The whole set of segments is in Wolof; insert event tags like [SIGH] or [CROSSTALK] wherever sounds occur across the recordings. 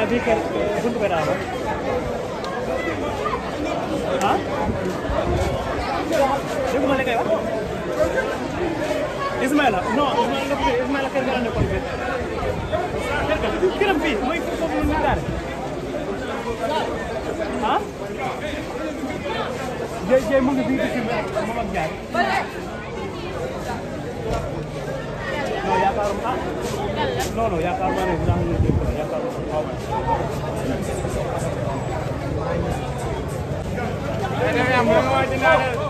xanaa bii kër bunt ba daal ah dégg nga li ngay wax Ismaïla non Ismaïla kër ga la nekkoon fii kër ga këram fii mooy foofu mu ngi daal ah Jéy Jéy mu ngi fii ci moom ak Njaay non yaakaaruma ah non non yaakaaruma ne ndax ñu jéem ko yaakaaruma Jangan yang mengajar.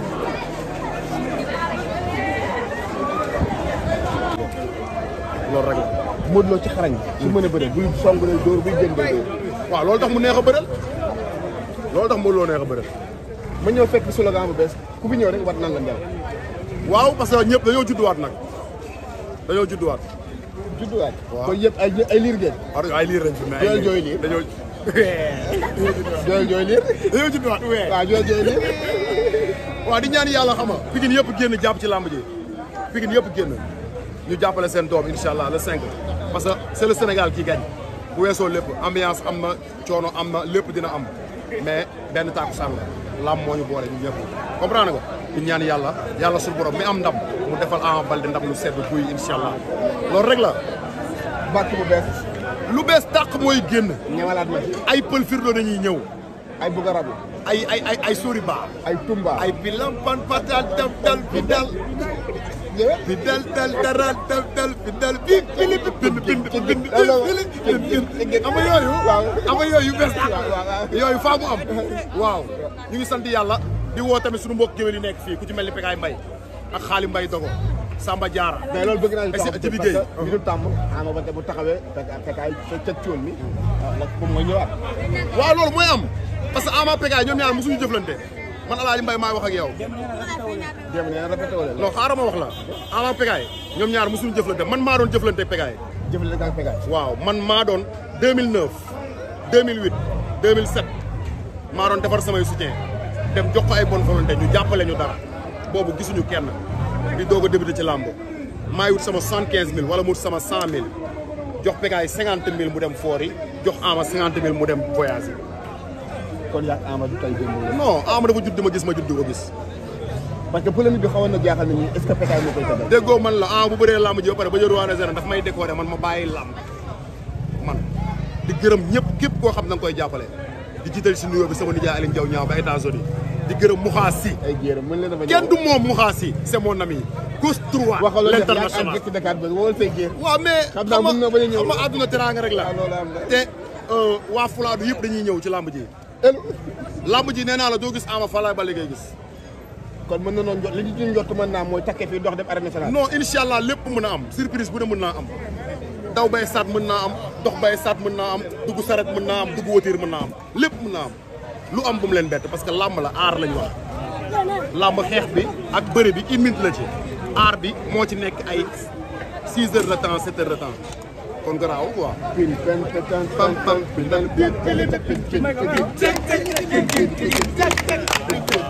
loolu rek la Modou Lo ci xarañ su mën bëre buy song day dóor buy jënd day dóor waaw tax mu neex bëral loolu tax Modou Lo neex bëral ma ñëw fekk slogan bu bees ku fi ñëw rek wat nan la waaw parce que ñëpp dañoo judduwaat nag dañoo judduwaat ay ay ay lañ dañoo dañoo di ñaan yàlla xama Pikine yëpp génn jàpp ci làmb ji Pikine ñu jàppale seen doom incha allah le 5 parce que c' est le Sénégal qui gagne bu weesoo lépp ambiance am na coono am na lépp dina am mais benn tàkkusaan la lam moo ñu boole ñu ñëpp comprendre nga ñu ñaan yàlla yàlla suñu borom mi am ndam mu defal Ama Baldé ndam lu sedd buy incha allah loolu rek la bàkk bu bees lu bees tàq mooy génn ñëwalaat ma ay pël firdo dañuy ñëw ay bugarabu ay ay ay ay ay tumba ay bilampan patal dal dal bi fidel dal daral dal dal fidel bi bili bi bind bind bind bili ama yooyu ama yooyu bes yooyu faa mu am [LAUGHS] waaw ñu ngi sant yàlla di woo tamit suñu mbokk géwél yi nekk fii ku ci mel ni Pekaay Mbaye ak Xaali mbay Dogo Samba Diarra mais loolu bëgg naa ci bi géey bi du taxawee Pekaay ca coon mi nag moom mooy ñëwaat waaw mooy am parce que Ama Pekaay ñoom ñaar mosuñu jëflante man Alaaji Mbaye maa wax ak yow. jéem nee na rafet wala non xaaral ma wax la avant Pekaay ñoom ñaar mosuñu jëflante man maa doon jëflante Pekaay. jëflante ak Pekaay. waaw man maa doon 2009 2008 2007 maa doon defar sama soutien dem jox ko ay bonne volonté ñu jàppale ñu dara boobu gisuñu kenn di doog a débuté ci làmb maay wut sama 75000 wala mu sama sama 100000 jox Pekaay 50000 mu dem foor jox jox Ama 50000 mu dem voyage yi. kon yaa ngi Amadou tey ma gis ma judd ko gis. parce que polémique bi xawoon na jaaxal man la ah bu bëree làmb ji ba pare ba jël roi des arènes daf may décorer man ma bàyyi làmb man di gërëm ñëpp képp koo xam na nga koy jàppale di jiital si nuyoo bi sama nijaay Alioune Diaw ñaaw ba États-Unis di gërëm Moukhassi. ay gërëm mën leen a kenn du moom Moukhassi c'est mon ami. gauche droite l'international waxaloo def yaa waaw mais nga teraanga rek la ah, te euh, waa Fulaadu yëpp dañuy ñëw ci làmb ji làmb ji nee naa la doo gis Ama Falaay Baldé ngay gis. kon mën na noonu jot li ñu jot mën naa am mooy takke fii dox dem arène nationale. non incha allah lépp mën a am surprise bu ne mën naa am daw bay saat mën naa am dox bay saat mën naa am dugg saret mën naa am dugg wotiir mën naa am lépp mën naa am lu am bu mu leen bett parce que làmb la aar lañu wax làmb xeex bi ak bëri bi une minute la ci aar bi moo ci nekk ay 6 heures de temps 7 heures de temps. kon garaaw quoi. pin pen pen pam pam.